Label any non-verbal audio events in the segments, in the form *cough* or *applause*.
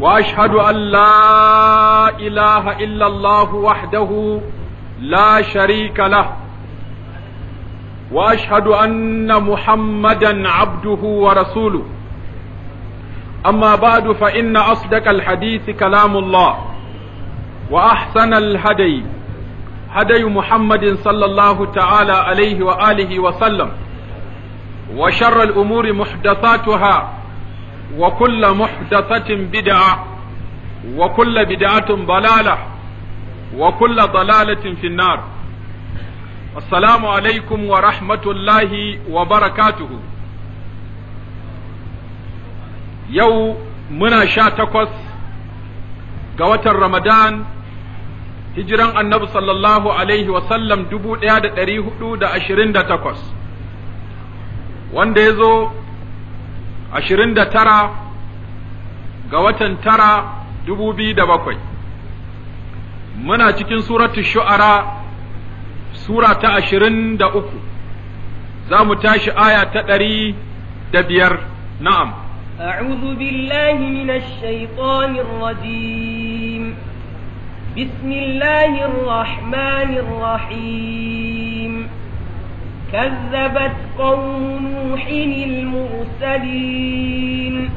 واشهد ان لا اله الا الله وحده لا شريك له واشهد ان محمدا عبده ورسوله اما بعد فان اصدق الحديث كلام الله واحسن الهدي هدي محمد صلى الله تعالى عليه واله وسلم وشر الامور محدثاتها وكل محدثة بدعة وكل بدعة ضلالة وكل ضلالة في النار السلام عليكم ورحمة الله وبركاته يو منا شاتكوس قوة رمضان hijiran annabi sallallahu alaihi wasallam dubu ɗaya da ɗari hudu da ashirin da takwas wanda ya zo ashirin da tara ga watan tara dubu biyu da bakwai muna cikin suratu shu'ara sura ta ashirin da uku za mu tashi aya ta ɗari da biyar na'am أعوذ بالله من الشيطان الرجيم بسم الله الرحمن الرحيم كذبت قوم نوح المرسلين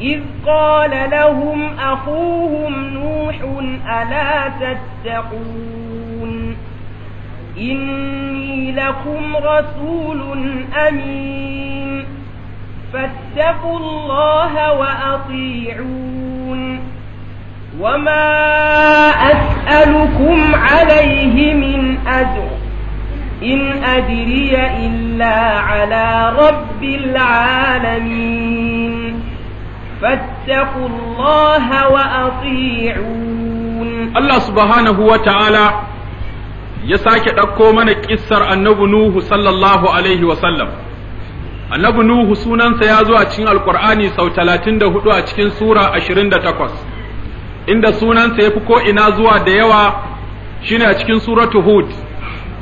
إذ قال لهم أخوهم نوح ألا تتقون إني لكم رسول أمين فاتقوا الله وأطيعون وما أسألكم عليه من أجر إن أدري إلا على رب العالمين فاتقوا الله وأطيعون الله سبحانه وتعالى ya sake ɗauko mana ƙissar annabi Nuhu sallallahu alaihi sallam Annabi Nuhu sunansa ya zo a cikin Alƙur'ani sau talatin da hudu a cikin Sura ashirin da takwas, inda sunansa ya fi ko'ina zuwa da yawa shine a cikin Suratu Hud.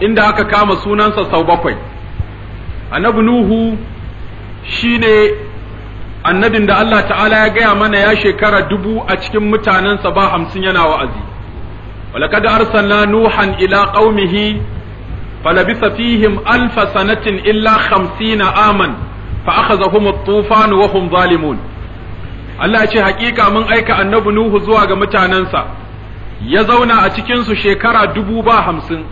inda aka kama sunansa sau bakwai annabi nuhu shine annabin da Allah ta'ala ya gaya mana ya shekara dubu a cikin mutanensa ba hamsin yana wa'azi walakad arsalna nuhan ila qaumihi falabisa fihim alfa sanatin illa khamsina aman fa akhazahum at-tufan wa hum zalimun Allah ya ce hakika mun aika annabi nuhu zuwa ga mutanensa ya zauna a cikin su shekara dubu ba hamsin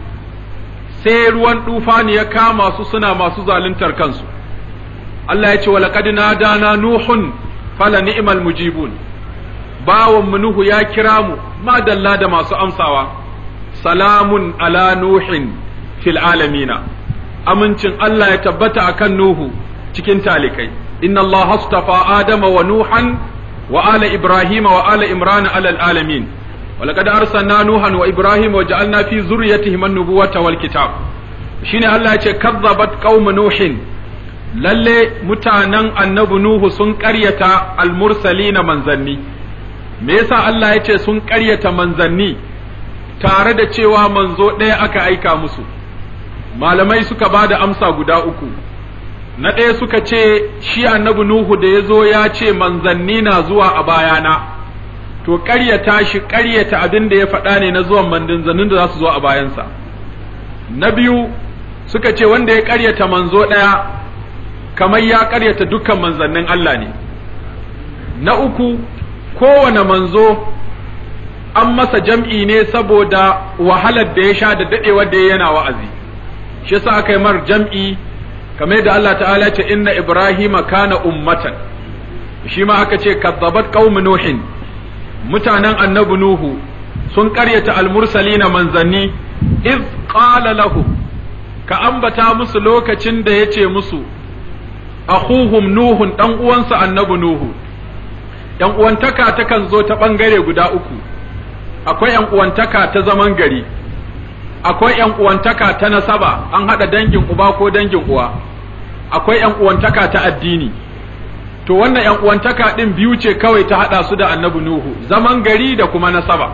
sai ruwan tufani ya kama su suna masu zaluntar kansu Allah ya ce wa laqad nadana nuhun fala ni'mal mujibun bawon mu nuhu ya kira mu madalla da masu amsawa salamun ala nuhin fil alamina amincin Allah ya tabbata akan nuhu cikin talikai inna Allah astafa adama wa nuhan wa ala ibrahima wa ala imran ala alamin walaqad arsalna nuhan wa ibrahim wa ja'alna fi zurriyatihim an-nubuwata wal kitab shine Allah yace, kazzabat qaum nuhin lalle mutanen annabi nuhu sun karyata almursali na manzanni me yasa Allah yace sun karyata manzanni tare da cewa manzo ɗaya aka aika musu malamai suka ba da amsa guda uku na ɗaya suka ce shi annabi nuhu da ya zo ya ce manzanni na zuwa a bayana to ƙaryata shi ƙaryata abin da ya faɗa ne na zuwan zanin da za su zo a bayansa na biyu suka ce wanda ya ƙaryata manzo ɗaya kamar ya ƙaryata dukkan manzannin Allah ne na uku kowane manzo an masa jam'i ne saboda wahalar da ya sha da daɗewar da ya yana wa'azi shi yasa aka yi mar jam'i kamar da Allah ta'ala ce inna ibrahima kana ummatan shi ma aka ce kadzabat qaum nuhin mutanen annabi nuhu sun ƙaryata na manzanni iz qala lahu ka ambata musu lokacin da ya ce musu ahuhum nuhun dan uwansa annabi nuhu yan uwantaka takan zo ta ɓangare guda uku akwai yan uwantaka ta zaman gari akwai yan uwantaka ta nasaba an haɗa dangin uba ko dangin uwa akwai yan uwantaka ta addini to wannan ‘yan uwantaka ɗin biyu ce kawai ta haɗa su da annabi Nuhu, zaman gari da kuma nasaba,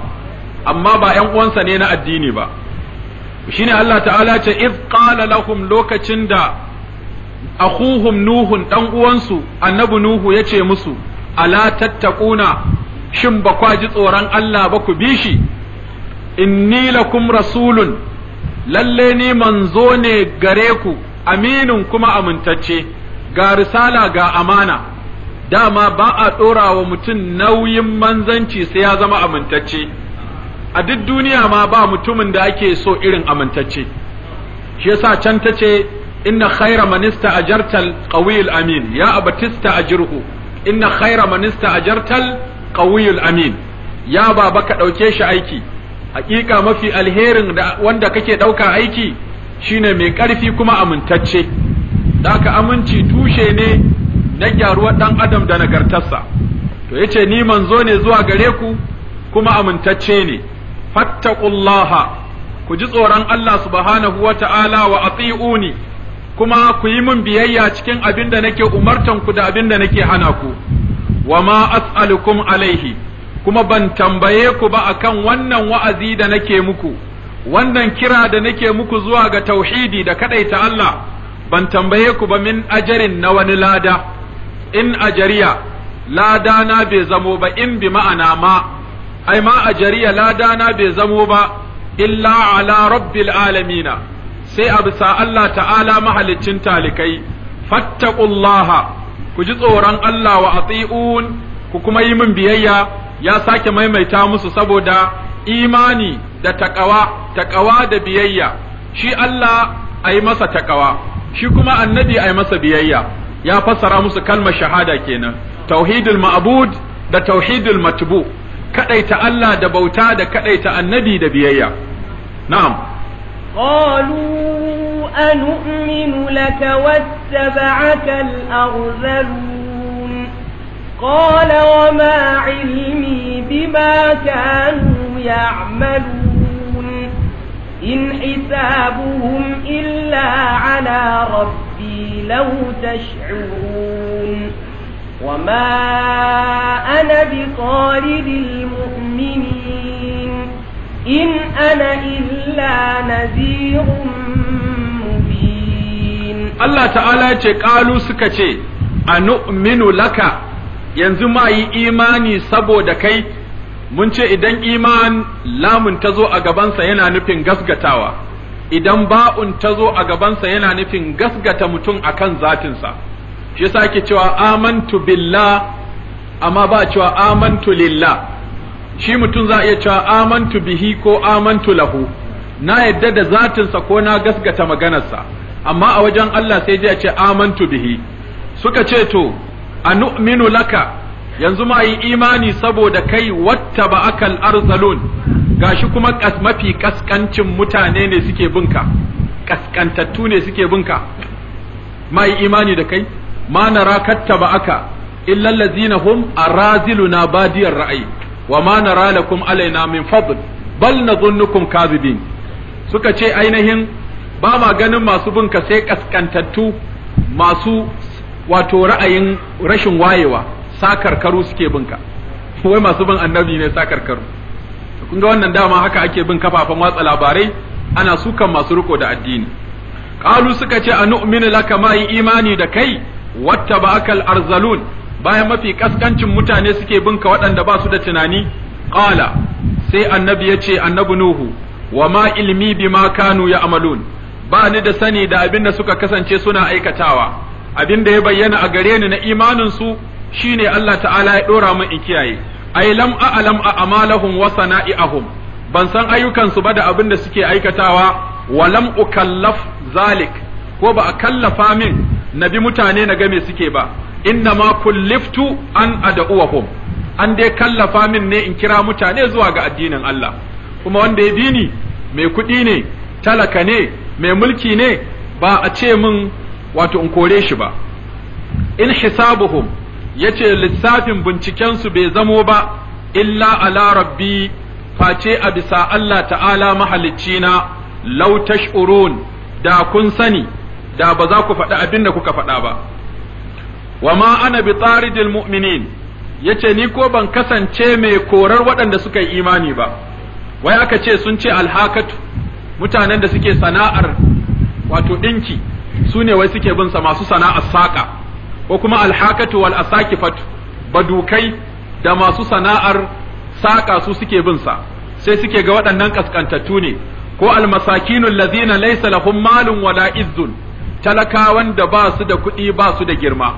amma ba ‘yan uwansa ne na addini ba. Shi Allah ta'ala ce, iz qala lahum lokacin da akuhum Nuhun ɗan uwansu annabi Nuhu ya ce musu, ala tattakuna shin ba kwa ji tsoron Allah ba ku bi shi, inni lakum rasulun, lalle ni manzo ne gare ku, aminin kuma amintacce. ga risala ga amana dama ba a ɗora wa mutum nauyin manzanci sai ya zama amintacce a duk duniya ma ba mutumin da ake so irin amintacce shi yasa can ta ce inna khaira manista ajartal qawiyul amin ya abatista ajruhu inna khaira manista ajartal qawiyul amin ya baba ka ɗauke shi aiki hakika mafi alherin da wanda kake ɗauka aiki shine mai ƙarfi kuma amintacce da ka aminci tushe ne na gyaruwar ɗan adam da nagartarsa to yace ni manzo ne zuwa gare ku kuma amintacce ne fattaqullaha ku ji tsoron Allah subhanahu wa ta'ala wa tsi’uni kuma ku yi min biyayya cikin abin da nake umartan ku da abin da nake hana ku wa ma as'alukum alaihi kuma ban tambaye ku ba akan wannan wa'azi da nake muku wannan kira da nake muku zuwa ga tauhidi da kadaita Allah ban tambaye ku ba min ajarin na wani lada in a jariya, ladana bai zamo ba in bi ma'ana ma ai ma jariya, ladana bai zamo ba illa ala rabbil alamina sai a bisa Allah ta'ala mahalicin talikai fattaƙullaha. ku ji tsoron Allah wa ati'un ku kuma yi min biyayya ya sake maimaita musu saboda imani da taqawa taqawa da biyayya shi Allah ai masa taqawa shi kuma annabi a yi masa biyayya ya fassara musu kalmar shahada kenan tauhidul ma'bud da tauhidul matbu kadaita Allah da bauta da kadaita annabi da biyayya na'am qalu anu'minu laka wattaba'aka al-aghzalun qala wa ma 'ilmi bima kanu ya'malun in hisabuhum illa 'ala rabbih ربي لو تشعرون وما أنا بطارد المؤمنين إن أنا إلا نذير مبين الله تعالى قالوا سكتي أنؤمن لك yanzu ma yi imani saboda kai mun ce idan iman lamun ta zo a gabansa yana nufin gasgatawa idan ba'un ta zo a gabansa yana nufin gasgata mutum akan zatinsa shi yasa ake cewa amantu billah amma ba cewa amantu lillah shi mutum za iya cewa amantu bihi ko amantu lahu na yadda da zatinsa ko na gasgata maganarsa amma a wajen Allah sai ya ce amantu bihi suka ce to anu'minu laka yanzu ma yi imani saboda kai watta ba akal arzalun gashi kuma mafi kaskancin mutane ne suke binka kaskantattu ne suke binka ma yi imani da kai ma nara katta ba aka illal ladzina hum araziluna badiyar ra'ayi wa ma nara lakum alaina min fadl bal nadhunnukum kadhibin suka ce ainihin ba ma ganin masu binka sai kaskantattu masu wato ra'ayin rashin wayewa sakarkaru suke ka *laughs* wai masu bin annabi ne sakarkaru kun ga wannan dama haka ake bin kafafen watsa labarai ana sukan masu riko da addini qalu suka ce nu'minu laka ma yi imani da kai watta bakal arzalun bayan mafi kaskancin mutane suke binka waɗanda ba su da tunani qala sai annabi ya ce annabi nuhu wa ma ilmi bima kanu ya'malun ba ni da sani da abin da suka kasance suna aikatawa abin da ya bayyana a gare ni na imanin su Shi ne Allah ta'ala ya ɗora min in kiyaye ai lam a'lam a'malahum wa sana'ihum ban san ayyukansu ba da abin da suke aikatawa wa lam ukallaf zalik ko ba a kallafa min na bi mutane na game suke ba inna ma kulliftu an ad'uwahum an dai kallafa min ne in kira mutane zuwa ga addinin Allah kuma wanda ya bi mai kuɗi ne talaka ne mai mulki ne ba a ce min wato in kore shi ba in hisabuhum yace lissafin bincikensu bai zamo ba illa ala rabbi face a bisa Allah ta'ala na law tash'urun da kun sani da ba za ku faɗi abin da kuka faɗa ba wa ma ana bi taridil mu'minin yace ni ko ban kasance mai korar waɗanda suka yi imani ba wai aka ce sun ce alhakatu mutanen da suke sana'ar wato ɗinki su ne wai suke bin sa masu sana'ar saƙa ko kuma alhakatu wal asakifatu badukai da masu sana'ar saƙa su suke bin sa sai suke ga waɗannan kaskantattu ne ko almasakinul lazina laysa lahum malun wala izzun talakawan da ba su da kuɗi ba su da girma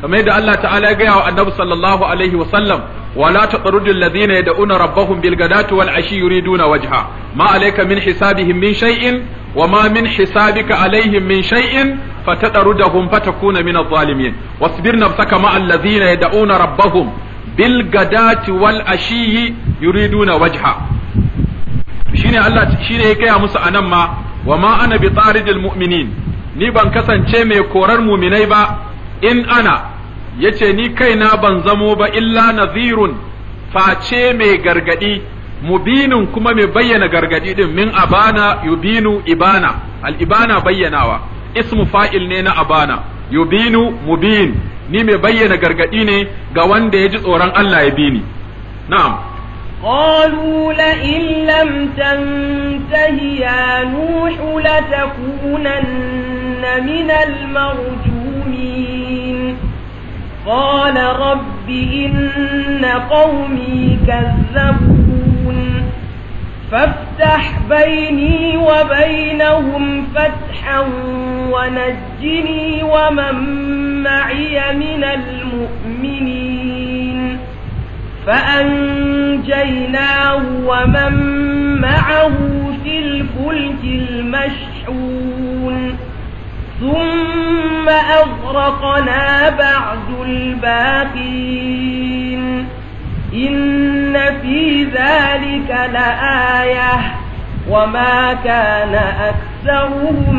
kamar yadda Allah ta'ala ya gaya wa annabi sallallahu alaihi wa sallam wala taqrudul ladhina yad'una rabbahum bil ghadati wal ashi yuriduna wajha ma alayka min hisabihim min shay'in wa ma min hisabika alaihim min shay'in فتطردهم فتكون من الظالمين واصبر نفسك مع الذين يدعون ربهم بالغداة والعشي يريدون وجهه shine Allah shine ya kaya musu anan ma ma ana bi taridil mu'minin ni ban kasance mai korar muminai ba in ana yace ni kaina ban zamo ba illa nazirun face mai gargadi mubinin kuma mai bayyana gargadi din min abana yubinu ibana al ibana bayyanawa ismu fa'il ne na abana yubinu mubin ni mai bayyana gargadi ne ga wanda ya ji tsoron Allah ya bini na'am قالوا لئن لم تنته يا نوح لتكونن من المرجومين قال رب إن قومي كذبون فافتح بيني وبينهم فتحا ونجني ومن معي من المؤمنين فأنجيناه ومن معه في الفلك المشحون ثم أغرقنا بعد الباقين إن في ذلك لآية وما كان أكثرهم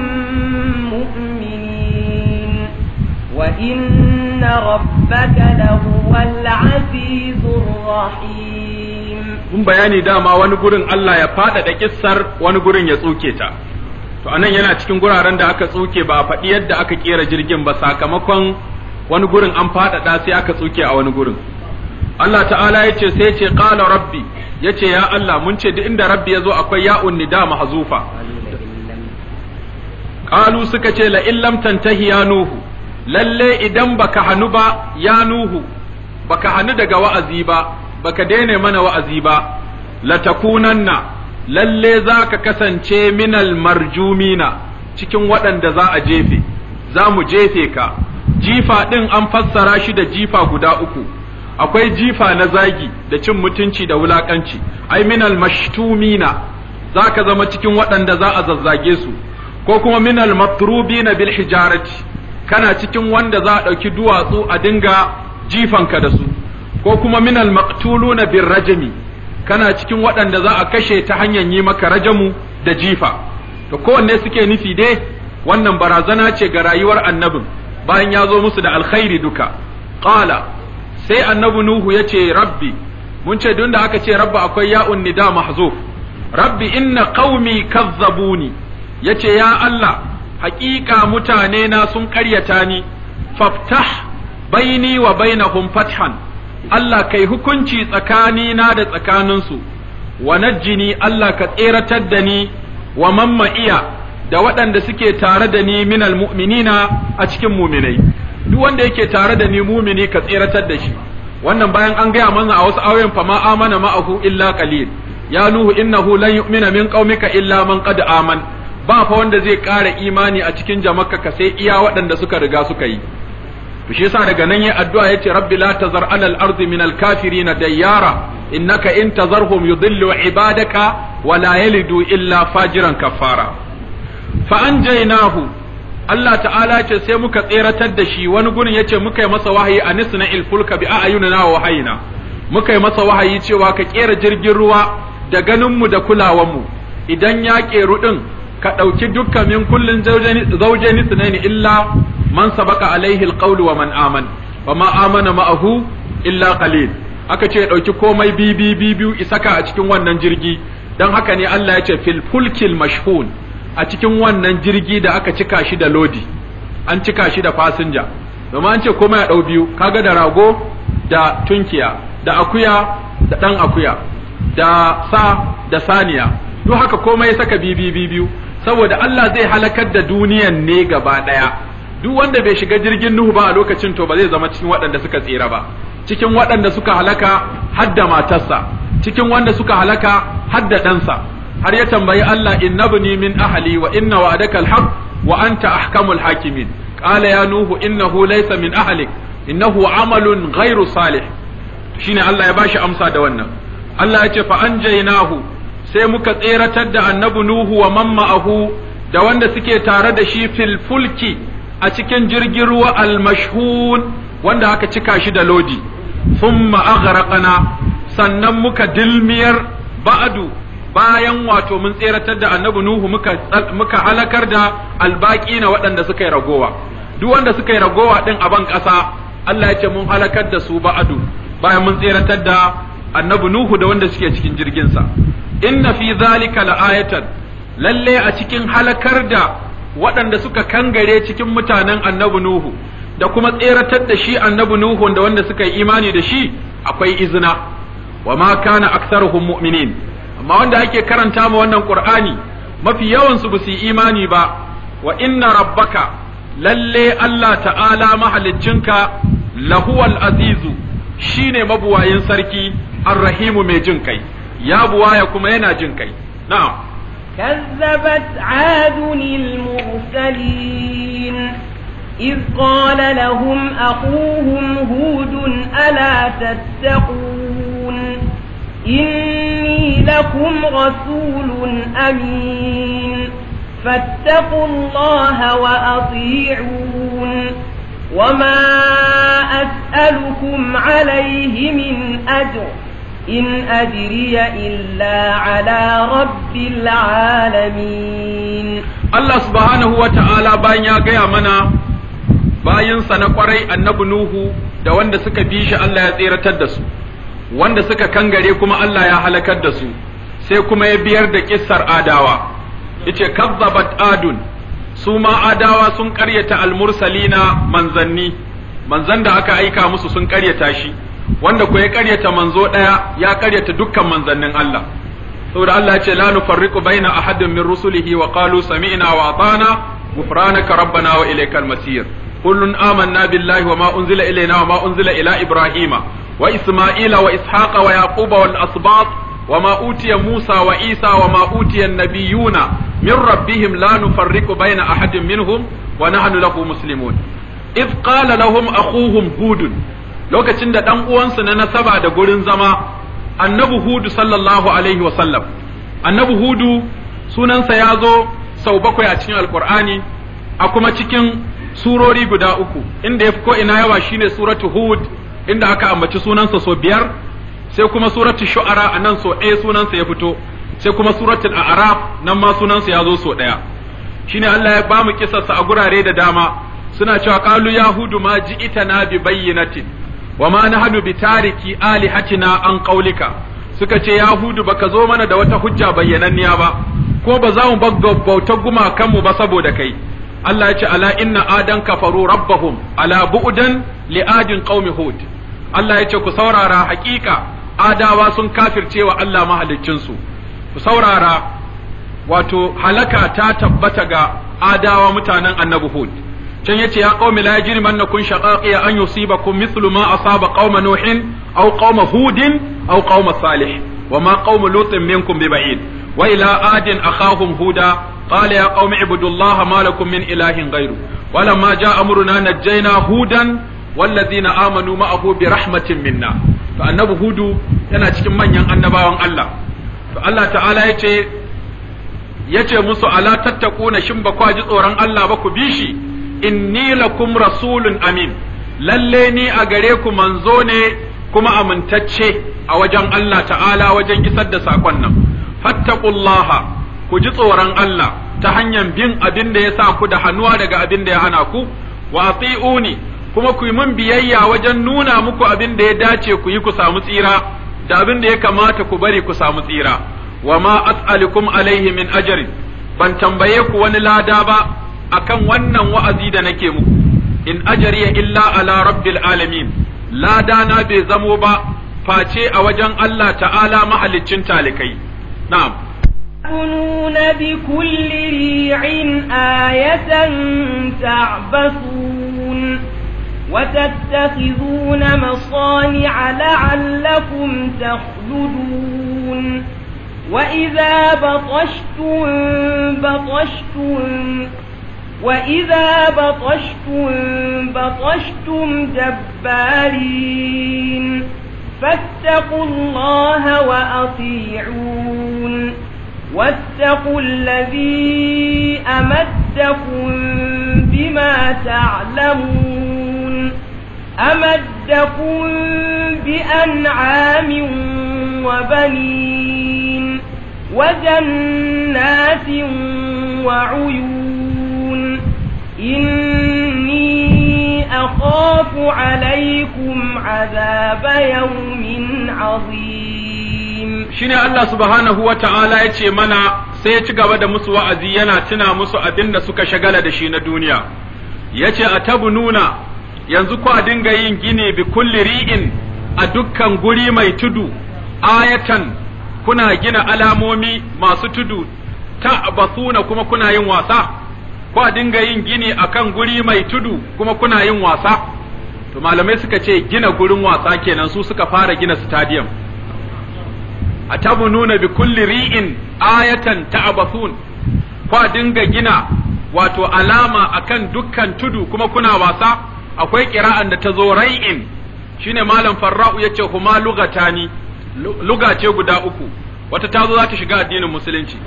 مؤمنين وإن ربك لهو العزيز الرحيم mun bayani dama wani gurin Allah ya faɗaɗa ƙissar wani gurin ya tsuke ta to anan yana cikin guraren da aka tsoke ba a faɗi yadda aka kera jirgin ba sakamakon wani gurin an faɗaɗa sai aka tsoke a wani gurin Allah ta'ala ya ce sai ce qala rabbi ya ce ya Allah mun ce duk inda rabbi ya zo akwai ya'un nida mahzufa qalu suka ce la illam tantahi ya nuhu lalle idan baka hanu ba ya nuhu baka hanu daga wa'azi ba baka daina mana wa'azi ba latakunanna lalle za ka kasance minal marjumina cikin waɗanda za a jefe za mu jefe ka jifa ɗin an fassara shi da jifa guda uku akwai jifa na zagi da cin mutunci da wulakanci ai minal mashtumina zaka zama cikin waɗanda za a zazzage su ko kuma minal matrubina bil hijarati kana cikin wanda za a ɗauki duwatsu a dinga jifanka da su ko kuma minal maqtuluna bil rajmi kana cikin waɗanda za a kashe ta hanyar yi maka rajamu da jifa to kowanne suke nufi dai wannan barazana ce ga rayuwar annabin bayan ya zo musu da alkhairi duka qala sai annabi nuhu yace rabbi mun ce duk da aka ce rabba akwai ya'un nida mahzuf rabbi inna qaumi kazzabuni yace ya Allah haƙiƙa mutane na sun ƙaryata ni faftah baini wa bainahum fathan Allah kai hukunci tsakani na da tsakaninsu wa najjini Allah ka tseratar da ni wa mamma iya da waɗanda suke tare da ni minal mu'minina a cikin muminai duk wanda yake tare da ni mumini ka tseratar da shi wannan bayan an gaya mana a wasu auren fa ma amana ma'ahu illa qalil ya nuhu innahu lan yu'mina min qaumika illa man qad aman ba fa wanda zai kara imani a cikin jama'ka ka sai iya waɗanda suka riga suka yi to shi yasa daga nan ya addu'a yace rabbi la tazar ala al-ardi min al-kafirin dayyara innaka in tazarhum yudillu ibadaka wa la yalidu illa fajiran kafara fa anjaynahu Allah ta'ala ce sai muka tseratar da shi wani ya yace muka yi masa wahayi a nisna ilfulka bi a'yunina wa wahayina muka yi masa wahayi cewa ka kera jirgin ruwa da ganin mu da kulawan mu idan ya keru din ka dauki dukkan min kullun zawjani sunaini illa man sabaka alaihi alqawlu wa man aman wa ma amana ma'ahu illa qalil aka ce dauki komai bi bi bi isaka a cikin wannan jirgi dan haka ne Allah ya ce fil fulkil mashhun a cikin wannan jirgi da aka cika shi da lodi an cika shi da fasinja domin an ce kuma ya ɗau biyu kaga da rago da tunkiya da akuya da ɗan akuya da sa da saniya duk haka komai ya saka bibi biyu saboda Allah zai halakar da duniyan ne gaba ɗaya duk wanda bai shiga jirgin Nuhu ba a lokacin to ba zai zama cikin waɗanda suka tsira ba cikin waɗanda suka halaka hadda matarsa cikin wanda suka halaka har ɗansa har ya tambayi Allah innabni min ahli wa inna wa'adaka alhaq wa anta ahkamul hakimin qala ya nuhu innahu laysa min ahlik innahu amalun ghairu salih shine Allah ya bashi amsa da wannan Allah ya ce fa anjaynahu sai muka tseratar da annabi nuhu wa man ma'ahu da wanda suke tare da shi fil fulki a cikin jirgin ruwa al-mashhun wanda aka cika shi da lodi thumma aghraqna sannan muka dilmiyar ba'adu bayan wato mun tseratar da annabi Nuhu muka muka halakar da albaki na waɗanda suka yi ragowa duk wanda suka yi ragowa din a ban ƙasa Allah ya ce mun halakar da su ba'adu bayan mun tseratar da annabi Nuhu da wanda suke cikin jirgin sa inna fi zalika la'ayatan lalle a cikin halakar da waɗanda suka kangare cikin mutanen annabi Nuhu da kuma tseratar da shi annabi Nuhu da wanda suka yi imani da shi akwai izina wa ma kana aktsaruhum mu'minin amma wanda ake karanta wa wannan qur'ani mafi yawan su basu imani ba wa inna rabbaka lalle Allah ta'ala mahaliccinka lahuwal azizu shine mabuwayin sarki arrahimu mai jin kai ya buwaya kuma yana jin kai na'am كذبت عاد المرسلين إذ قال لهم أخوهم هود ألا تتقون لكم رسول أمين فاتقوا الله وأطيعون وما أسألكم عليه من أجر إن أجري إلا على رب العالمين الله سبحانه وتعالى بان يا منا bayansa na kwarai annabi Nuhu da wanda suka bi shi Allah ya tseratar da su wanda suka kangare kuma Allah ya halakar da su sai kuma ya biyar da kissar adawa yace kazzabat adun su ma adawa sun karyata almursalina manzanni manzan da aka aika musu sun karyata shi wanda ko ya karyata manzo daya ya karyata dukkan manzannin Allah saboda Allah ya ce la nufarriqu baina ahadin min rusulihi wa qalu sami'na wa atana ghufranaka rabbana wa ilaykal masir kullun amanna billahi wa ma unzila ilayna wa ma unzila ila ibrahima wa isma'ila wa ishaqa wa yaquba wal wa ma musa wa isa wa ma utiya nabiyuna min rabbihim la nufarriqu baina ahadin minhum wa nahnu lahu muslimun idh qala lahum akhuhum hud lokacin da ɗan uwansu na nasaba da gurin zama annabi hudu sallallahu alaihi wa sallam annabi hudu sunansa ya zo sau bakwai a cikin alkur'ani a kuma cikin surori guda uku inda ya fi ina yawa shine suratu hud inda aka ambaci sunansa sau biyar sai kuma suratul shu'ara anan so ɗaya sunansa ya fito sai kuma suratul a'raf nan ma sunansa ya zo so ɗaya shine Allah ya bamu kisarsa a gurare da dama suna cewa qalu yahudu ma ji'tana bi bayyinatin wa ma nahnu bi tariki alihatina an qaulika suka ce yahudu baka zo mana da wata hujja bayyananniya ba ko ba za mu gumakan gumakanmu ba saboda kai Allah ya ce ala inna adan kafaru rabbahum ala bu'dan li adin qaumi hud Allah ya ce ku saurara hakika adawa sun wa Allah mahaliccinsu ku saurara wato halaka ta tabbata ga adawa mutanen annabi hud can yace ya qaumi la kun shaqaqi an yusibakum mithlu ma asaba qauma nuhin aw qauma hudin aw qauma salih وما قوم لوط منكم ببعيد وإلى آد أخاهم هودا قال يا قوم اعبدوا الله ما لكم من إله غيره ولما جاء أمرنا نجينا هودا wallazina amanu ma'ahu bi rahmatin minna to annabu hudu yana cikin manyan annabawan Allah to Allah ta'ala yace yace musu ala tattaquna shin ba ku ji tsoron Allah ba ku bi shi inni lakum rasulun amin lalle ni a gare ku manzo ne kuma amintacce a wajen Allah ta'ala wajen isar da sakon nan fattaqullaha ku ji tsoron Allah ta hanyar bin abin da ya sa ku da hannuwa daga abin da ya hana ku wa ati'uni kuma ku yi mun biyayya wajen nuna muku abin da ya dace ku yi ku samu tsira da abin da ya kamata ku bari ku samu tsira wa ma as'alukum alaihi min ajrin ban tambaye ku wani lada ba akan wannan wa'azi da nake muku in ajriya illa ala rabbil alamin lada na bai zamo ba face a wajen Allah ta'ala mahaliccin talikai na'am بكل ريع آية تعبثون وتتخذون مصانع لعلكم تخلدون وإذا بطشتم بطشتم وإذا بطشتم بطشتم جبارين فاتقوا الله وأطيعون واتقوا الذي أمدكم بما تعلمون أمدكم بأنعام وبنين وجنات وعيون إني أخاف عليكم عذاب يوم عظيم شنو الله سبحانه وتعالى يتي منا sai ya ci gaba da musu wa'azi yana tuna musu abin da suka shagala da shi na duniya, Yace A tabu nuna, yanzu ku a dinga yin gini bi kulli ri'in a dukkan guri mai tudu ayatan kuna gina alamomi masu tudu ta basuna kuma kuna yin wasa ku a dinga yin gini akan guri mai tudu kuma kuna yin wasa to malamai suka ce gina gurin wasa kenan su suka fara gina stadium a tabununa bi kulli ri'in ayatan ta abasun ku a dinga gina wato alama akan dukkan tudu kuma kuna wasa akwai kira'an da ta zo rai'in shine malam farra'u ce kuma lugata ni lugace guda uku wata ta zo za ta shiga addinin musulunci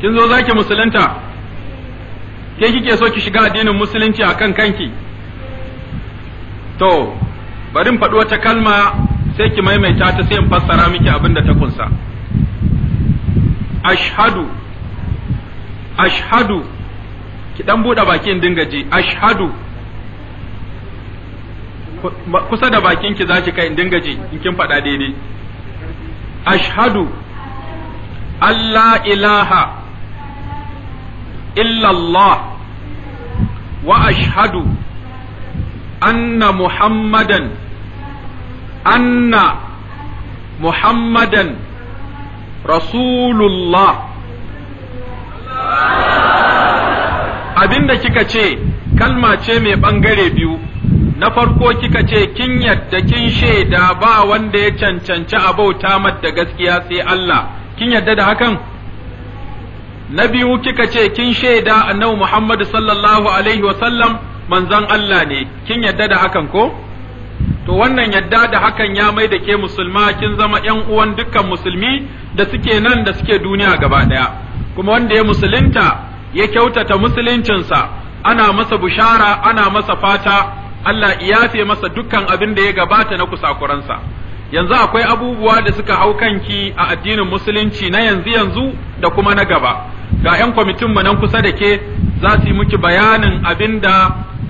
kin zo zaki musulunta ke kike so ki shiga addinin musulunci akan kanki to barin faɗi wata kalma sai ki maimaita ta sai in fassara miki abin da ta kunsa ashhadu ashhadu ki dan buɗe bakin dinga ji ashhadu kusa da bakin ki zaki kai dinga ji in kin faɗa daidai ashhadu Allah ilaha illallah wa ashhadu anna muhammadan رسول muhammadan abin abinda kika ce kalma ce mai ɓangare biyu na farko kika ce kin yadda kin shaida ba wanda ya cancanci a bauta da gaskiya sai Allah kin yadda da hakan na biyu kika ce kin shaida annabi Muhammad sallallahu alaihi wa manzan Allah ne kin yadda da hakan ko to wannan yadda da hakan ya mai da ke musulma kin zama yan uwan dukkan musulmi da suke nan da suke duniya gaba daya kuma wanda ya musulunta ya kyautata musuluncinsa ana masa bushara ana masa fata Allah iyafe masa dukkan abin da ya gabata na kusakuransa yanzu akwai abubuwa da suka hau kanki a addinin musulunci na yanzu yanzu da kuma na gaba ga 'yan kwamitin mu nan kusa da ke za su yi muki bayanin abin da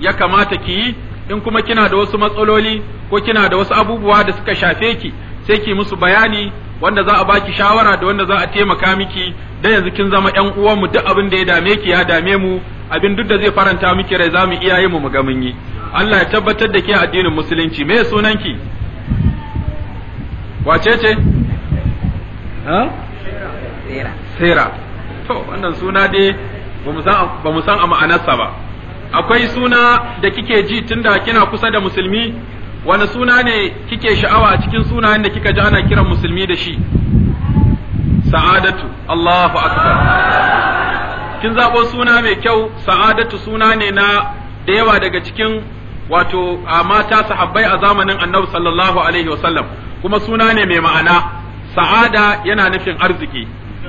ya kamata ki yi in kuma kina da wasu matsaloli ko kina da wasu abubuwa da suka shafe ki sai ki musu bayani wanda za a baki shawara da wanda za a taimaka miki da yanzu kin zama ƴan uwanmu duk abin da ya dame ki ya dame mu abin duk da zai faranta miki rai zamu iya yi mu mu ga mun yi Allah ya tabbatar da ke addinin musulunci me sunan ki wace ce ha sera to wannan suna dai ba mu san a ma'anarsa ba akwai suna da kike ji tunda kina kusa da musulmi wani suna ne kike sha'awa a cikin sunayen da kika ji ana kiran musulmi da shi sa'adatu Allahu akbar kin zabo suna mai kyau sa'adatu suna ne na da yawa daga cikin wato a mata sahabbai a zamanin annabi sallallahu alaihi wasallam kuma suna ne mai ma'ana sa'ada yana nufin arziki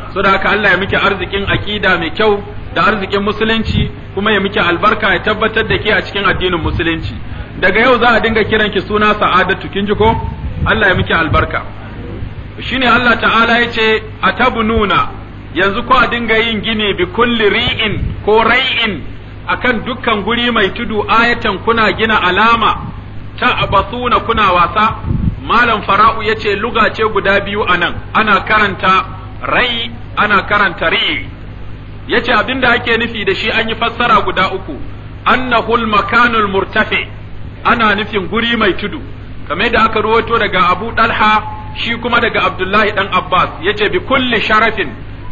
saboda haka Allah ya miki arzikin akida mai kyau da arzikin musulunci kuma ya miki albarka ya tabbatar da ke a cikin addinin musulunci daga yau za a dinga kiran ki suna sa'adatu kin ji ko Allah ya miki albarka shine Allah ta'ala ya ce atabununa yanzu ko a dinga yin gini bi kulli ri'in ko rai'in akan dukkan guri mai tudu ayatan kuna gina alama ta abasuna kuna wasa malam fara'u ya ce luga guda biyu anan, ana karanta rai ana karanta ri. yace abinda ake nufi da shi an yi fassara guda uku annahul makanul murtafi ana nufin guri mai tudu kamar da aka ruwato daga Abu Dalha shi kuma daga Abdullahi dan Abbas yace bi kulli sharafin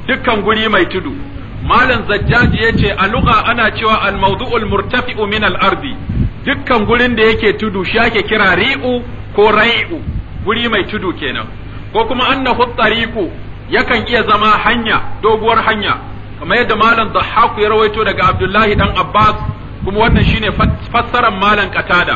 dukkan guri mai tudu malam zajjaji yace a lugha ana cewa al mawdu'ul murtafi'u min al ardi dukkan gurin da yake tudu shi ake kira ri'u ko rai'u guri mai tudu kenan ko kuma annahu tariqu yakan iya zama hanya doguwar hanya kamar yadda malam Dhahhak ya rawaito daga Abdullahi dan Abbas kuma wannan shine fassarar malam Qatada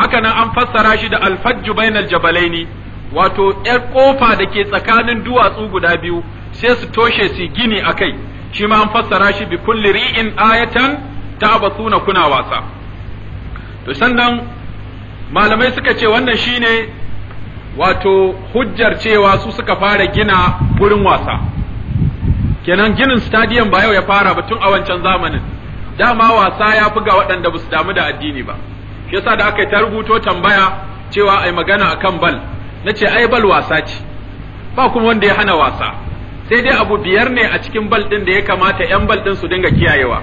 haka nan an fassara shi da alfajju bainal jabalaini wato ƴar kofa da ke tsakanin duwatsu guda biyu sai su toshe su gini akai shi ma an fassara shi bi kulli ri'in ayatan ta'bathuna kuna wasa to sannan malamai suka ce wannan shine wato hujjar cewa su suka fara gina gurin wasa kenan ginin stadium ba yau ya fara ba tun a wancan zamanin dama wasa ya fi ga waɗanda ba su damu da addini ba shi yasa da aka yi ta rubuto tambaya cewa ai magana akan bal na ce ai bal wasa ce ba kuma wanda ya hana wasa sai dai abu biyar ne a cikin bal ɗin da ya kamata 'yan bal ɗin su dinga kiyayewa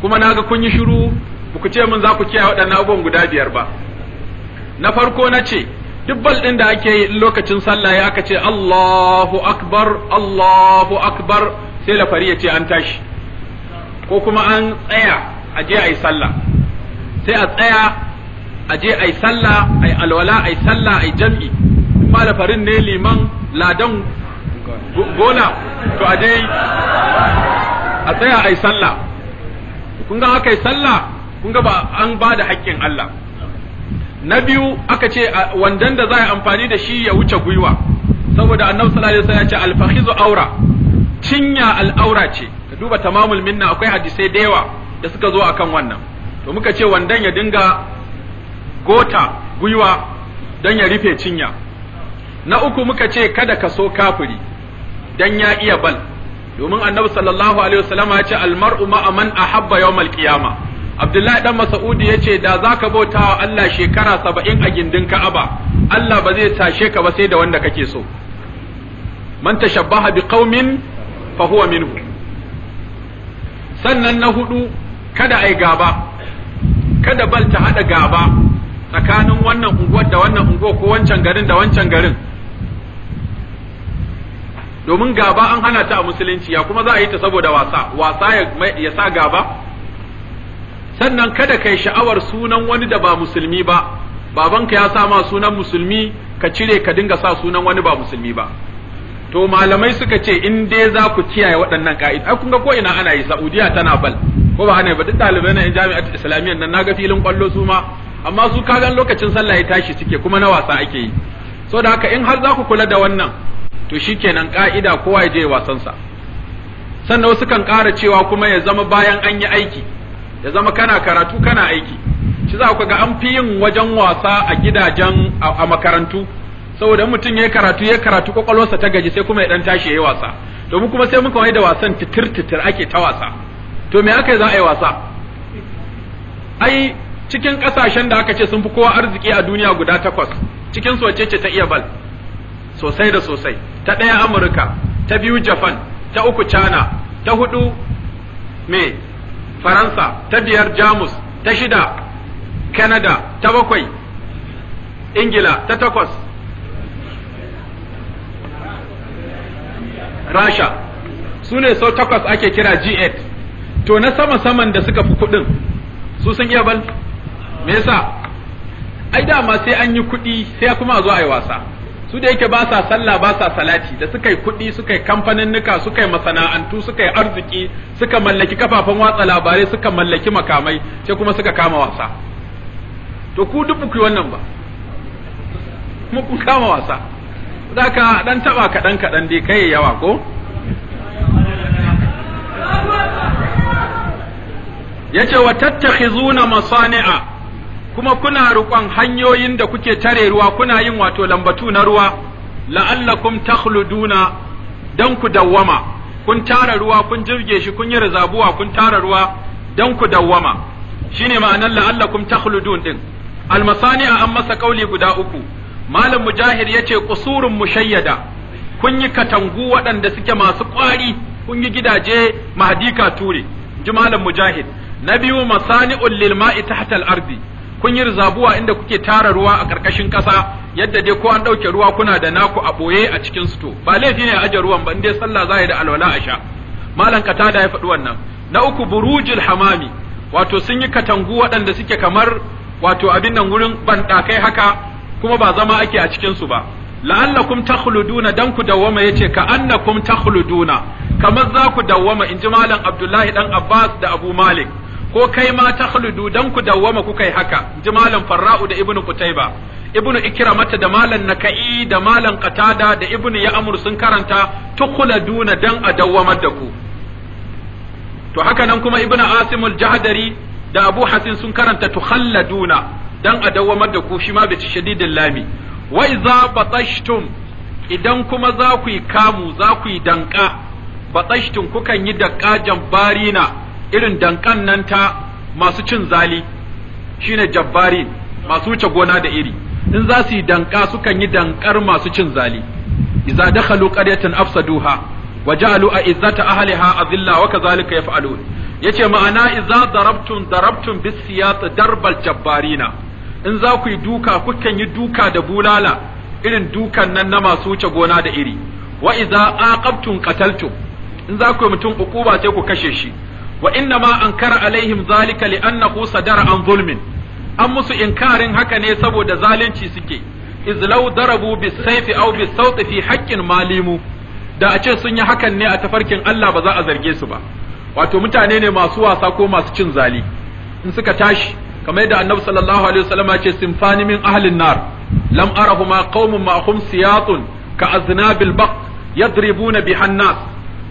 kuma na ga kun yi shiru ba ku ce min za ku kiyaye waɗannan abubuwan guda biyar ba na farko na ce duk bal ɗin da ake yi lokacin sallah ya aka ce Allahu akbar Allahu akbar sai lafari ya ce an tashi ko kuma an tsaya a je a yi sallah sai a tsaya a je a yi sallah a yi alwala a yi sallah a yi jam'i kuma lafarin ne liman ladan gona to a dai a tsaya a yi sallah kun ga aka yi sallah kun ga ba an ba da haƙƙin Allah na biyu aka ce wandan da za a yi amfani da shi ya wuce gwiwa saboda annabi sallallahu alaihi wasallam ya ce alfahizu aura cinya al'aura ce ka duba tamamul minna akwai hadisai da yawa da suka zo akan wannan to muka ce wandan ya dinga gota gwiwa don ya rufe cinya na uku muka ce kada ka so kafiri dan ya iya bal domin annabi sallallahu alaihi wasallama ya ce almar'u ma'a man ahabba yawmal qiyama abdullahi dan mas'udi ya ce da zaka bauta wa Allah shekara saba'in a gindin ka'aba Allah ba zai tashe ka ba sai da wanda kake so man tashabbaha bi qaumin fa huwa minhu sannan na hudu kada ai gaba kada bal ta hada gaba tsakanin wannan unguwar da wannan unguwar ko wancan garin da wancan garin domin gaba an hana ta a musulunci ya kuma za a yi ta saboda wasa wasa ya sa gaba sannan kada kai sha'awar sunan wani da ba musulmi ba babanka ya sa ma sunan musulmi ka cire ka dinga sa sunan wani ba musulmi ba to malamai suka ce in dai za ku kiyaye waɗannan ka'id ai kun ga ko ina ana yi Saudiya tana bal ko ba hane ba duk ɗalibai na jami'at islamiyya nan naga filin kwallo su ma amma su ka gan lokacin sallah ya tashi suke kuma na wasa ake yi so da haka in har za ku kula da wannan to shi shikenan ka'ida kowa ya je wasan sa sannan wasu kan ƙara cewa kuma ya zama bayan an yi aiki ya zama kana karatu kana aiki shi za ku ga an fi yin wajen wasa a gidajen a makarantu saboda mutum ya karatu ya karatu kwakwalwarsa ta gaji sai kuma ya dan tashi ya yi wasa domin kuma sai muka wai da wasan titir titir ake ta wasa to me aka yi za a yi wasa ai cikin kasashen da aka ce sun fi kowa arziki a duniya guda takwas cikin su ce ta iya bal sosai da sosai ta ɗaya amurka ta biyu japan ta uku china ta hudu me faransa ta biyar jamus ta shida canada ta bakwai ingila ta takwas rasha su ne sau takwas ake kira g8 to na sama-saman da suka fi kuɗin su sun iya bal me yasa ai dama sai an yi kuɗi sai kuma a zo a yi wasa su da yake ba sa sallah ba sa salati da suka yi kuɗi suka yi kamfanin kamfaninnika suka yi masana'antu suka yi arziki suka mallaki kafafen watsa labarai suka mallaki makamai sai kuma suka kama wasa to ku duk ku yi wannan ba kuma kun kama wasa zaka dan taɓa kaɗan kaɗan dai kai yawa ko yace wa tattakhizuna masani'a kuma kuna rukon hanyoyin da kuke tare ruwa kuna yin wato lambatu na ruwa la'allakum takhluduna dan ku dawwama kun tara ruwa kun jirge shi kun yi rizabuwa kun tara ruwa dan ku dawwama shine ma'anar la'allakum takhludun din almasani'a an masa kauli guda uku malam mujahid ya ce kusurun mushayyada kun yi katangu waɗanda suke masu ƙwari kun yi gidaje mahadika ture ji malam mujahid na biyu masani'ul lil ma'i tahta al-ardi kun yi rizabuwa inda kuke tara ruwa a ƙarƙashin ƙasa yadda dai ko an ɗauke ruwa kuna da naku a ɓoye a cikin to ba laifi ne a aje ruwan ba in sallah za da alwala a sha malam da ya faɗi wannan na uku burujul hamami wato sun yi katangu waɗanda suke kamar wato abin nan wurin banɗakai haka kuma ba zama ake a cikin su ba la'allakum takhluduna dan ku dawwama yace ka annakum takhluduna kamar za ku dawwama inji malam Abdullahi dan Abbas da Abu Malik ko kai ma takhludu dan ku dawwama kuka yi haka inji malam Farra'u da ibnu Qutayba ibnu ikramata da malam naka'i da malam qatada da ibnu ya'mur sun karanta tukhladuna dan a dawwamar da ku to haka nan kuma ibnu asimul jahdari da abu hasin sun karanta tukhalladuna dan a dawwamar da ku shi ma bi shadidin lami wa idza batashtum idan kuma za ku yi kamu za ku yi danka batashtum kukan yi danka jabbarina irin dankan nan ta masu cin zali shine jabbari masu wuce gona da iri in za su yi danka sukan yi dankar masu cin zali idza dakhalu qaryatan afsaduha wa ja'alu a'izzata ahliha azilla wa kadhalika yaf'alun yace ma'ana idza darabtum darabtum bis siyat darbal jabbarina in za ku yi duka kukan yi duka da bulala irin dukan nan na masu wuce gona da iri wa idza aqabtum qataltum in za ku yi mutum ukuba sai ku kashe shi wa inna ma ankara alaihim zalika li annahu sadara an zulmin an musu inkarin haka ne saboda zalunci suke izlau darabu bis sayfi aw bis sawt fi haqqin malimu da a ce sun yi hakan ne a tafarkin Allah ba za a zarge su ba wato mutane ne masu wasa ko masu cin zali in suka tashi kamar yadda annabi sallallahu alaihi wasallam ya ce sinfani min ahlin nar lam arahuma qaumun ma'hum siyatun ka aznabil baq yadribuna bihannas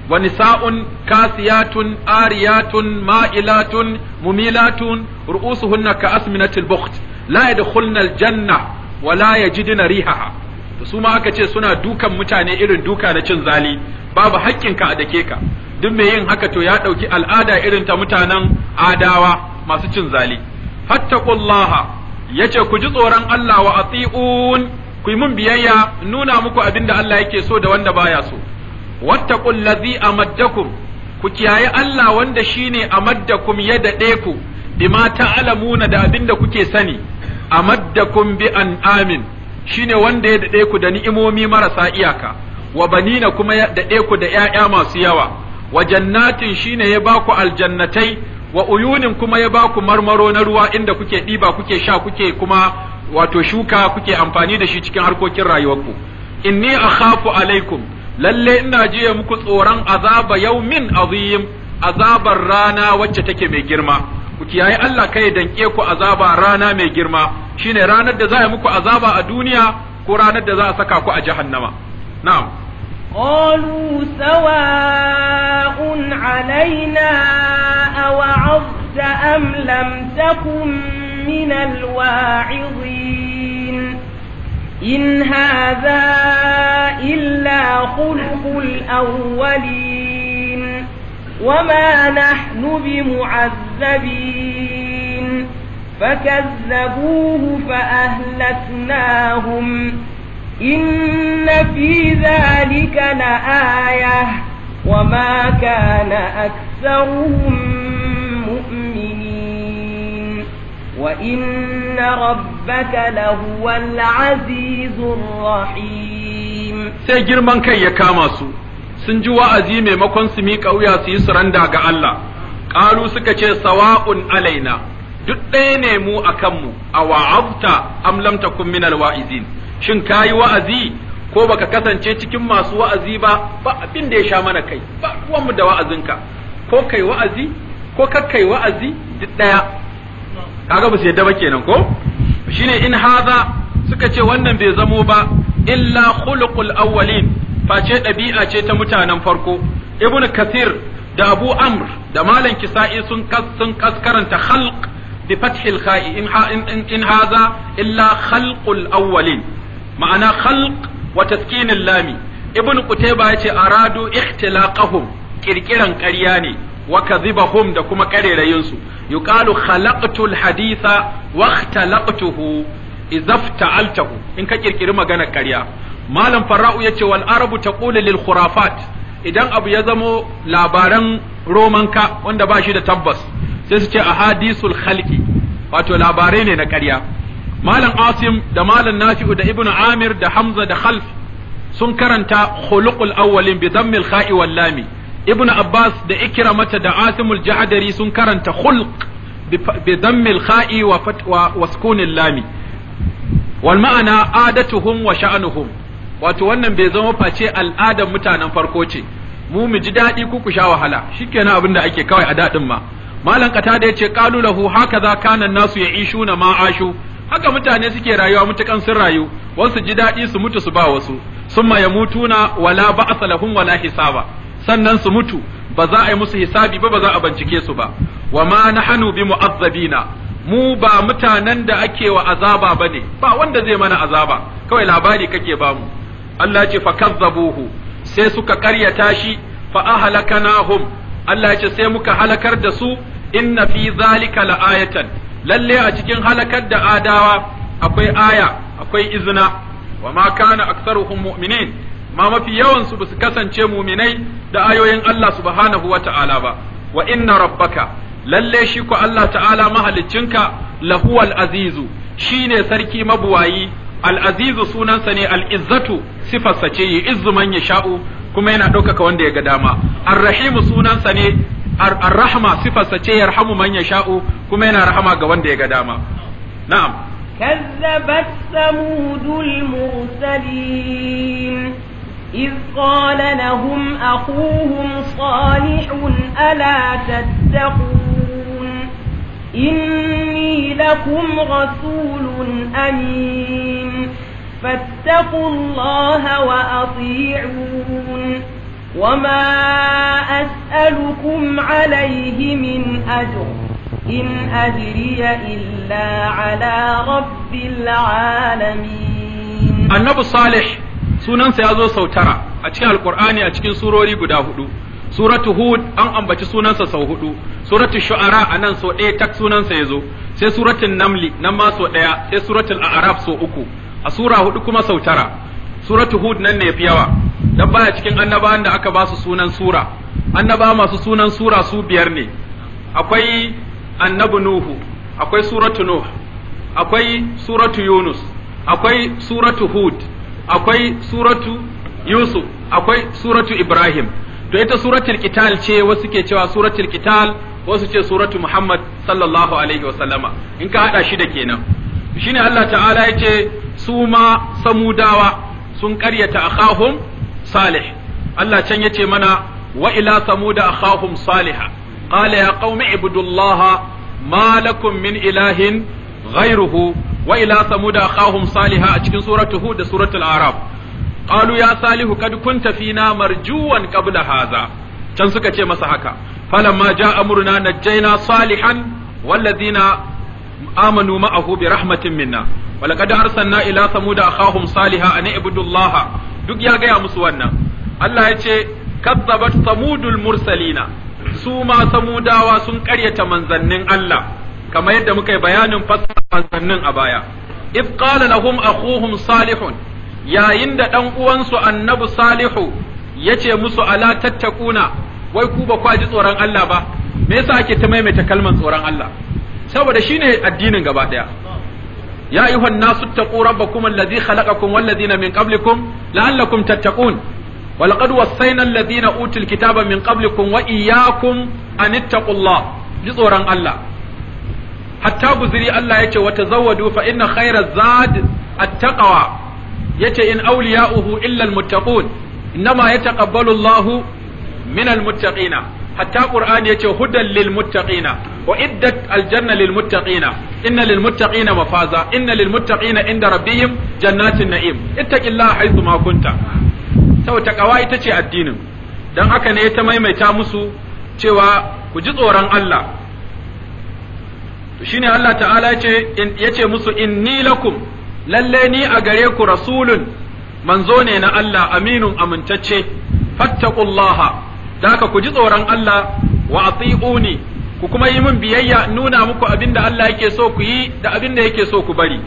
wa nisa'un kasiyatun ariyatun ma'ilatun mumilatun ru'usuhunna ka asminatil bukht la yadkhulna aljanna wa la yajidna rihaha to su ma aka ce suna dukan mutane irin duka na cin zali babu haƙƙinka a dake ka duk mai yin haka to ya ɗauki al'ada irin ta mutanen adawa masu cin zali fattaqullaha yace ku ji tsoron Allah wa atiun ku yi mun biyayya nuna muku abinda Allah yake so da wanda baya so wattaqul ladzi amaddakum ku kiyaye Allah wanda shine amaddakum ya dade ku bima ta'lamuna da abinda kuke sani amaddakum bi an'amin shine wanda ya dade ku da ni'imomi marasa iyaka wa banina kuma ya dade ku da 'ya'ya masu yawa wa jannatin shine ya baku aljannatai wa uyunin kuma ya ba ku marmaro na ruwa inda kuke ɗiba kuke sha kuke kuma wato shuka kuke amfani da shi cikin harkokin rayuwarku inni akhafu alaikum lalle ina jiya muku tsoron azaba yaumin azim azabar rana wacce take mai girma ku kiyaye Allah kai danke ku azaba rana mai girma shine ranar da za a muku azaba a duniya ko ranar da za a saka ku a jahannama na'am qalu sawa'un alaina وعظت أم لم تكن من الواعظين إن هذا إلا خلق الأولين وما نحن بمعذبين فكذبوه فأهلكناهم إن في ذلك لآية وما كان أكثرهم وإن ربك لهو العزيز الرحيم sai girman kai ya kama su sun ji wa'azi maimakon su miƙa wuya su yi suranda ga Allah Ƙaru suka ce sawa'un alaina duk ɗaya ne mu a kanmu a wa'abta am lam minal wa'izin shin kayi wa'azi ko baka kasance cikin masu wa'azi ba ba abin da ya sha mana kai ba ruwanmu da wa'azinka ko kai wa'azi ko kakkai wa'azi duk ɗaya kaga ba su yadda ba kenan ko shine in haza suka ce wannan bai zamo ba illa khuluqul awwalin face ɗabi'a ce ta mutanen farko ibnu kathir da abu amr da malam kisa'i sun kas sun kaskaranta khalq bi fathil kha'i in in haza illa khalqul awwalin ma'ana khalq wa taskinil lami ibnu qutayba yace aradu ikhtilaqahum kirkiran ƙarya ne wa hum da kuma karerayin su yuqalu khalaqtu alhaditha wa ikhtalaqtuhu izafta'altahu in ka ƙirƙiri magana karya. malam farra'u yace wal arabu taqulu lil khurafat idan abu ya zamo labaran romanka wanda ba shi da tabbas sai su ce hadisul khalqi wato labarai ne na karya. malam asim da malam nafi'u da ibnu amir da hamza da khalf sun karanta khuluqul awwalin bi dhammil kha'i wal lami ابن abbas da ikramata da asimul الجعدري sun karanta خلق بضم الخاء kha'i wa fatwa wa sukunil wato wannan bai zama face al'adar mutanen farko ce mu mu ji daɗi ku kusha sha wahala shikenan abin da ake kawai a daɗin ma malam kata da yace qalu lahu hakaza kana nasu ya na ma ashu haka mutane suke rayuwa mutukan sun rayu wasu ji daɗi su mutu su ba wasu summa mutuna wala ba'sa lahum wala hisaba sannan su mutu ba za a yi musu hisabi ba ba za a bincike su ba wa ma nahnu bi mu'azzabina mu ba mutanen da ake wa azaba bane ba wanda zai mana azaba kawai labari kake bamu Allah ce fa kazzabuhu sai suka karyata shi fa ahlakanahum Allah ce sai muka halakar da su inna fi zalika la'ayatan lalle a cikin halakar da adawa akwai aya akwai izina wa ma kana aktsaruhum mu'minin ma mafi yawan su basu kasance muminai da ayoyin Allah subhanahu wa ta'ala ba wa inna rabbaka lalle shi ko Allah ta'ala mahaliccinka lahuwal azizu shine sarki mabuwayi al-azizu sunansa ne al-izzatu sifarsa ce yi izzu man yasha'u kuma yana ɗaukaka wanda ya ga dama ar-rahimu sunansa ne ar-rahma sifarsa ce yarhamu man yasha'u kuma yana rahama ga wanda ya ga dama na'am كذبت ثمود المرسلين إذ قال لهم أخوهم صالح ألا تتقون إني لكم رسول أمين فاتقوا الله وأطيعون وما أسألكم عليه من أجر إن أجري إلا على رب العالمين النبي صالح sunansa ya zo sau tara a cikin alkur'ani a cikin surori guda hudu suratu hud an ambaci sunansa sau hudu suratu shu'ara a nan sau ɗaya tak sunansa ya zo sai suratun namli nan ma sau ɗaya sai suratul a'raf sau uku a sura hudu kuma sau tara suratu hud nan ne fi yawa dan baya cikin annabawan da aka ba su sunan sura annaba masu sunan sura su biyar ne akwai annabu nuhu akwai suratu nuh akwai suratu yunus akwai suratu hud akwai suratu Yusuf akwai suratu Ibrahim to ita suratul qital ce wasu ke cewa suratul qital wasu ce suratu Muhammad sallallahu alaihi wa sallama in ka haɗa shi da kenan Shin Allah ta'ala yace su ma samudawa sun karyata akhahum salih Allah can ya ce mana wa ila samuda akhahum saliha qala ya qaumi ibudullaha ma lakum min ilahin ghayruhu wa ila samud akhahum saliha a cikin suratu hud da suratul araf qalu ya salihu kad kunta fina marjuwan qabla hadha can suka ce masa haka falamma jaa amruna najjayna salihan walladhina amanu ma'ahu bi rahmatin minna walaqad arsalna ila samud akhahum saliha an ibudullaha duk ya gaya musu wannan Allah ya ce kazzabat samudul mursalina su ma samudawa sun karyata manzannin Allah kamar yadda muka yi bayanin fasara manzannin a baya if qala lahum akhuhum salihun yayin da ɗan uwansu annabi salihu ce musu ala tattakuna wai ku ba ji tsoron Allah ba me yasa ake ta maimaita kalmar tsoron Allah saboda shine addinin gaba ɗaya. ya ayyuhan nasu taqu rabbakum alladhi khalaqakum wal ladina min qablikum la'allakum tattaqun ولقد وصينا الذين أوتوا الكتاب من قبلكم وإياكم أن اتقوا Ji tsoron Allah. hatta guziri Allah yace wa tazawwadu fa inna khayra zad at-taqwa yace in awliya'uhu illa al-muttaqun innama yataqabbalu Allahu min al-muttaqina hatta qur'ani yace hudan lil muttaqina wa iddat al-janna lil muttaqina inna lil muttaqina mafaza inna lil muttaqina inda rabbihim jannatin na'im ittaqillaha haythu ma kunta sau taqwa ita ce addinin dan haka ne ya ta maimaita musu cewa ku ji tsoron Allah shine Allah ta'ala ya ce musu inni lakum lalle ni a gare ku rasulun manzo ne na Allah aminun amintacce fattaqullaha daka ku ji tsoron Allah wa atiuni ku kuma yi min biyayya nuna muku abin da Allah yake so ku yi da abin da yake so ku bari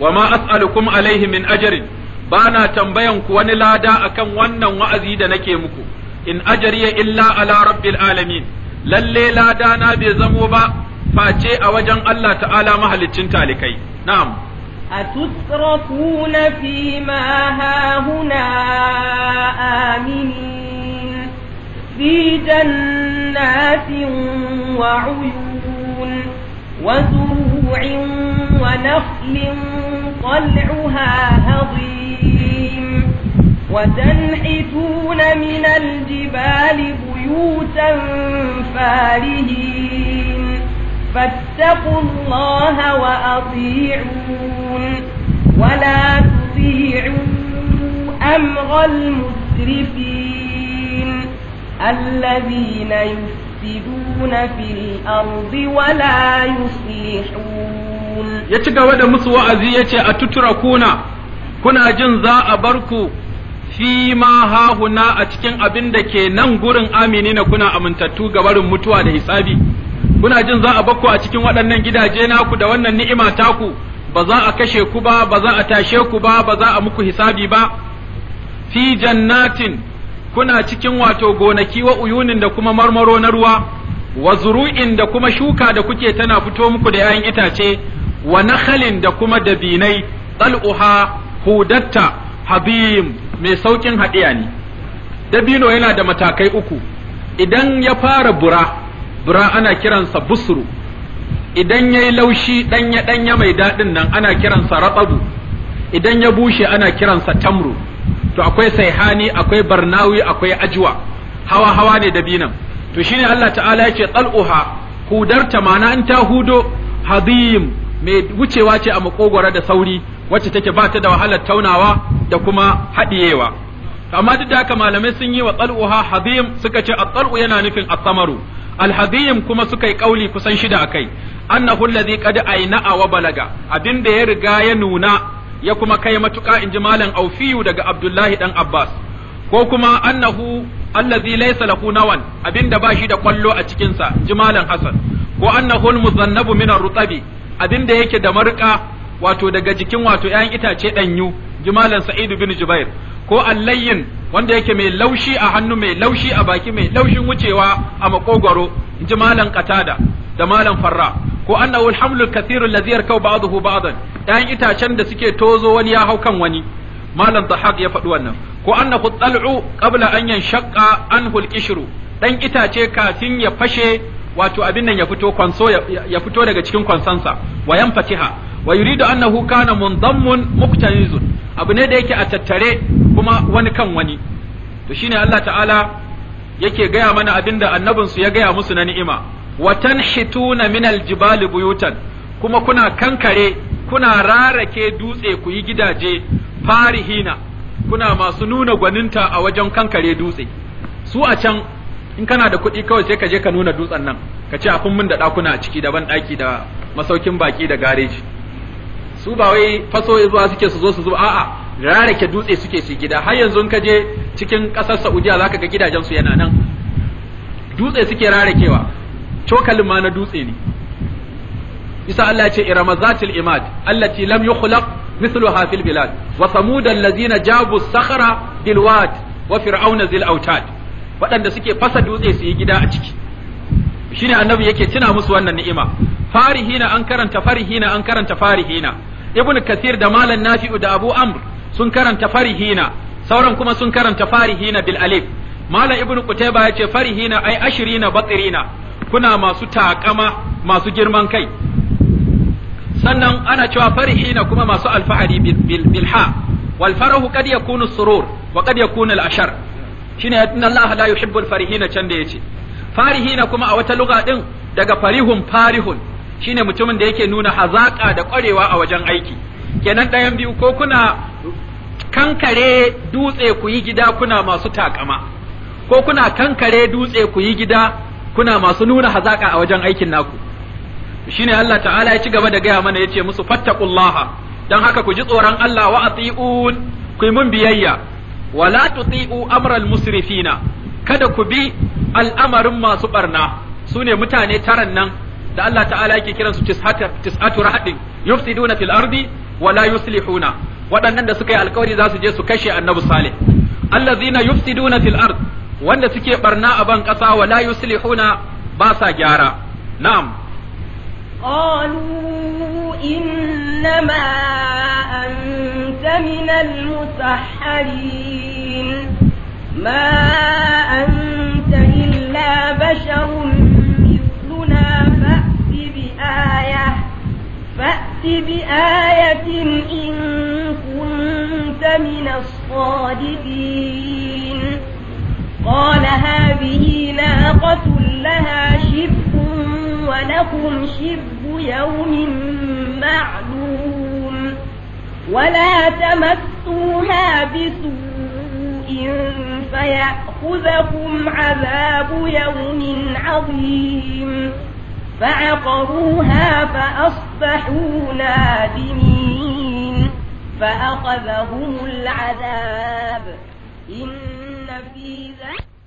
wa ma as'alukum alaihi min ajrin bana tambayan ku wani lada akan wannan wa'azi da nake muku in ajriya illa ala rabbil alamin lalle lada na bai zamo ba face a wajen Allah ta'ala mahalicin talikai na'am أتتركون fi هاهنا آمنين في جنات وعيون وزروع ونخل طلعها هضيم وتنحتون من الجبال بيوتا فارهين فاتقوا الله وأطيعون ولا تطيعوا أمر المسرفين الذين يفسدون في الأرض ولا يصلحون يتقى ودى مسوى أزية أتتركونا كنا جنزاء بركو fi ma hahuna a cikin abin da ke nan gurin amini na kuna amintattu ga barin mutuwa da hisabi kuna jin za a bakku a cikin waɗannan gidaje naku da wannan ni'ima taku ba za a kashe ku ba ba za a tashe ku ba ba za a muku hisabi ba fi jannatin kuna cikin wato gonaki wa uyunin da kuma marmaro na ruwa wa zuru'in da kuma shuka da kuke tana fito muku da 'ya'yan itace wa nakhalin da kuma dabinai dal'uha hudatta habim mai saukin haɗiya ne dabino yana da matakai uku idan ya fara bura bura ana kiransa busru idan yayi laushi danya danya mai daɗin nan ana kiransa ratsabu idan ya bushe ana kiransa tamru to akwai saihani akwai barnawi akwai ajwa hawa hawa ne dabinan to shine Allah ta'ala yake tsal'uha hudarta mana an ta hudo hadim mai wucewa ce a makogwara da sauri wacce take ba ta da wahalar taunawa da kuma haɗiyewa amma duk da haka malamai sun yi wa tsal'uha hadim suka ce a tsalu yana nufin a samaru alhadiyim kuma suka yi kauli kusan shida akai annahu alladhi qad aina wa balaga abinda ya riga ya nuna ya kuma kai matuka inji malam aufiyu daga abdullahi dan abbas ko kuma annahu alladhi laysa lahu nawan abinda ba shi da kwallo a cikin sa ji malam hasan ko annahu almuzannabu min arutabi abinda yake da marka wato daga jikin wato 'ya'yan itace danyu ji malam sa'idu bin jubair ko allayyin wanda yake mai laushi a hannu mai laushi a baki mai laushin wucewa a makogwaro in ji malam qatada da malam farra ko annahu alhamlu alkathir alladhi yarkau ba'dahu ba'dan ɗayan itacen da suke tozo wani ya hau kan wani malam dhahaq ya faɗi wannan ko annahu tal'u qabla an yanshaqqa anhu ɗan dan itace kafin ya fashe wato abin nan ya fito kwanso ya fito daga cikin kwansansa wa yanfatiha wa yuridu annahu kana mundammun muqtanizun abu ne da yake a tattare kuma wani kan wani to shine Allah ta'ala yake gaya mana abinda annabinsu ya gaya musu na ni'ima wa tanhituna minal jibali buyutan kuma kuna kankare kuna rarake dutse ku yi gidaje farihina kuna masu nuna gwaninta a wajen kankare dutse su a can in kana da kuɗi kawai sai ka je ka nuna dutsen nan ka ce a kun mun da ɗakuna a ciki daban ɗaki da masaukin baki da gareji su ba wai faso zuwa suke su zo su zo a'a rarake dutse suke su gida har yanzu ka je cikin kasar Saudiya zaka ga gidajen su yana nan dutse suke rarakewa cokalin ma na dutse ne isa Allah ya ce iramazatil imad allati lam yukhlaq mithluha fil bilad wa samud allazina jabu sakhara bil wad wa fir'auna zil autad waɗanda suke fasa dutse su yi gida a ciki shine annabi yake tuna musu wannan ni'ima farihina an karanta farihina an karanta farihina ibn kasir da malam nafi'u da abu amr sun karanta farihina sauran kuma sun karanta farihina bil alif malam ibn ya ce farihina ai ashirina batirina kuna masu takama masu girman kai sannan ana cewa farihina kuma masu alfahari bil ha wal farahu kad yakunu surur wa kad yakunu al ashar shine inna allaha la yuhibbul farihina can da yace farihina kuma a wata lugha din daga farihun farihun shine mutumin da yake nuna hazaƙa da ƙwarewa a wajen aiki kenan ɗayan biyu ko kuna kankare dutse ku yi gida kuna masu takama ko kuna kankare dutse ku yi gida kuna masu nuna hazaƙa a wajen aikin naku shine Allah ta'ala ya ci gaba da gaya mana ya ce musu fattaqullaha Don haka ku ji tsoron Allah wa atiun ku yi mun biyayya wala tuti'u amral musrifina kada ku bi al'amarin masu barna sune mutane taran nan da Allah ta'ala yake kiran su tis'atu rahdin yufsiduna fil ardi wa la yuslihuna waɗannan da suka yi alkawari za su je su kashe annabi salih allazina yufsiduna fil ard wanda suke barna a ban ƙasa wa la yuslihuna ba sa gyara na'am قالوا إنما أنت من المسحرين ما أنت إلا بشر فأت بآية فأت بآية إن كنت من الصادقين قال هذه ناقة لها شرب ولكم شرب يوم معلوم ولا تمسوها بسوء فيأخذكم عذاب يوم عظيم فعقروها فأصبحوا نادمين فأخذهم العذاب إن في ذلك